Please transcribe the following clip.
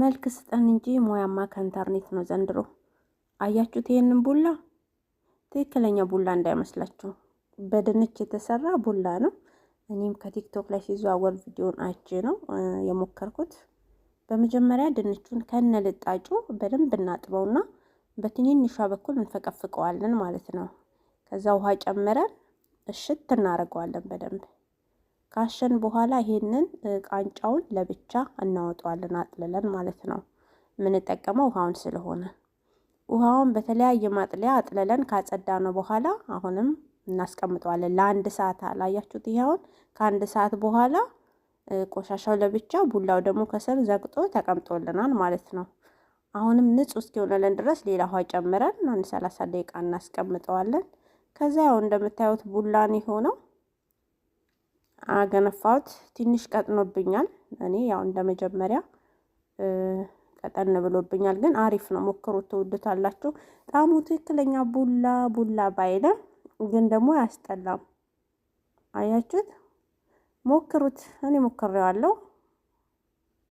መልክ ስጠን እንጂ ሙያማ ከኢንተርኔት ነው ዘንድሮ። አያችሁት ይህንን ቡላ? ትክክለኛ ቡላ እንዳይመስላችሁ በድንች የተሰራ ቡላ ነው። እኔም ከቲክቶክ ላይ ሲዘዋወር ቪዲዮን አይቼ ነው የሞከርኩት። በመጀመሪያ ድንቹን ከነ ልጣጩ በደንብ እናጥበውና በትንንሿ በኩል እንፈቀፍቀዋለን ማለት ነው። ከዛ ውሃ ጨምረን እሽት እናደርገዋለን በደንብ ካሸን በኋላ ይሄንን ቃንጫውን ለብቻ እናወጣዋለን አጥልለን ማለት ነው። የምንጠቀመው ውሃውን ስለሆነ ውሃውን በተለያየ ማጥለያ አጥልለን ካጸዳ ነው በኋላ አሁንም እናስቀምጠዋለን ለአንድ ሰዓት። አላያችሁት? ይኸውን ከአንድ ሰዓት በኋላ ቆሻሻው ለብቻ ቡላው ደግሞ ከስር ዘግጦ ተቀምጦልናል ማለት ነው። አሁንም ንጹህ እስኪሆነለን ድረስ ሌላ ውሃ ጨምረን አንድ ሰላሳ ደቂቃ እናስቀምጠዋለን። ከዛ ያው እንደምታዩት ቡላን የሆነው አገነፋት። ትንሽ ቀጥኖብኛል። እኔ ያው እንደ መጀመሪያ ቀጠን ብሎብኛል፣ ግን አሪፍ ነው። ሞክሩት፣ ትወዱታላችሁ። ጣሙ ትክክለኛ ቡላ ቡላ ባይልም ግን ደግሞ አያስጠላም። አያችሁት? ሞክሩት። እኔ ሞክሬዋለሁ።